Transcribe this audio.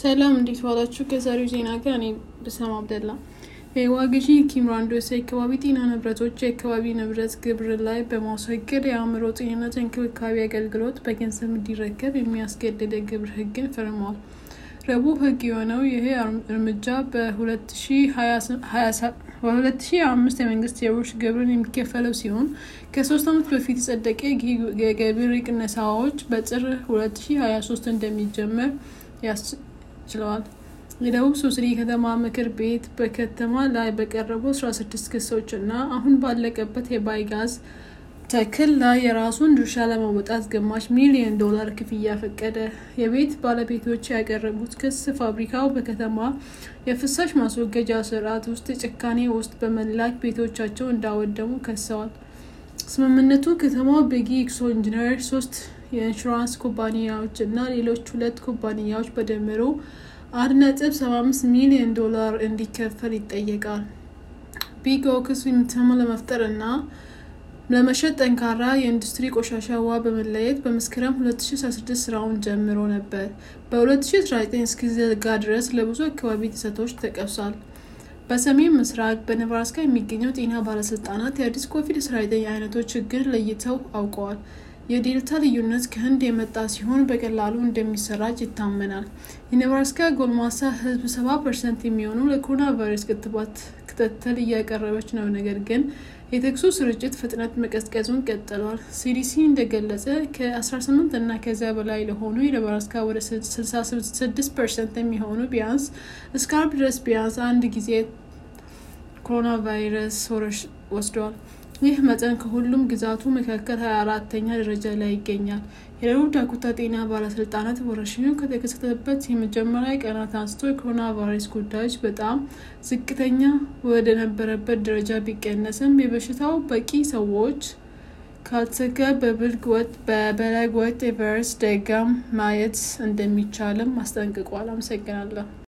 ሰላም እንዴት ዋላችሁ? ከዛሬው ዜና ጋር እኔ ብሰም አብደላ። የዋግዢ ኪምራንዶስ የአካባቢ ጤና ንብረቶች የአካባቢ ንብረት ግብር ላይ በማስወገድ የአእምሮ ጤንነት እንክብካቤ አገልግሎት በገንዘብ እንዲረከብ የሚያስገድድ የግብር ህግን ፈርመዋል። ረቡዕ ህግ የሆነው ይህ እርምጃ በ2025 የመንግስት የውርስ ግብርን የሚከፈለው ሲሆን ከሶስት ዓመት በፊት የጸደቀ የግብር ቅነሳዎች በጥር 2023 እንደሚጀመር ችለዋል። የደቡብ ሶስሪ ከተማ ምክር ቤት በከተማ ላይ በቀረቡ 16 ክሶች እና አሁን ባለቀበት የባይጋዝ ተክል ላይ የራሱን ድርሻ ለመወጣት ግማሽ ሚሊዮን ዶላር ክፍያ ፈቀደ። የቤት ባለቤቶች ያቀረቡት ክስ ፋብሪካው በከተማ የፍሳሽ ማስወገጃ ስርዓት ውስጥ ጭካኔ ውስጥ በመላክ ቤቶቻቸው እንዳወደሙ ከሰዋል። ስምምነቱ ከተማው በጊ ኤክሶ ኢንጂነር ሶስት የኢንሹራንስ ኩባንያዎች እና ሌሎች ሁለት ኩባንያዎች በደምሮ አንድ ነጥብ ሰባ አምስት ሚሊዮን ዶላር እንዲከፈል ይጠየቃል። ቢግ ኦክስ የምትም ለመፍጠር እና ለመሸጥ ጠንካራ የኢንዱስትሪ ቆሻሻ ውሃ በመለየት በመስከረም 2016 ስራውን ጀምሮ ነበር። በ2019 እስኪዘጋ ድረስ ለብዙ አካባቢ ጥሰቶች ተቀብሷል። በሰሜን ምስራቅ በነብራስካ የሚገኘው ጤና ባለስልጣናት የአዲስ ኮቪድ-19 አይነቶች ችግር ለይተው አውቀዋል። የዴልታ ልዩነት ከህንድ የመጣ ሲሆን በቀላሉ እንደሚሰራጭ ይታመናል። የኔብራስካ ጎልማሳ ህዝብ ሰባ ፐርሰንት የሚሆኑ ለኮሮና ቫይረስ ክትባት ክትትል እያቀረበች ነው። ነገር ግን የተክሱ ስርጭት ፍጥነት መቀዝቀዙን ቀጥሏል። ሲዲሲ እንደገለጸ ከ18 እና ከዚያ በላይ ለሆኑ የነበራስካ ወደ 66 ፐርሰንት የሚሆኑ ቢያንስ እስካርብ ድረስ ቢያንስ አንድ ጊዜ ኮሮና ቫይረስ ወስደዋል። ይህ መጠን ከሁሉም ግዛቱ መካከል 24ተኛ ደረጃ ላይ ይገኛል። የደቡብ ዳኮታ ጤና ባለስልጣናት ወረርሽኙ ከተከሰተበት የመጀመሪያ ቀናት አንስቶ የኮሮና ቫይረስ ጉዳዮች በጣም ዝቅተኛ ወደ ነበረበት ደረጃ ቢቀነስም የበሽታው በቂ ሰዎች ካልተሰጋ በብልግ ወጥ በበለግ ወጥ የቫይረስ ደጋም ማየት እንደሚቻልም አስጠንቅቋል። አመሰግናለሁ።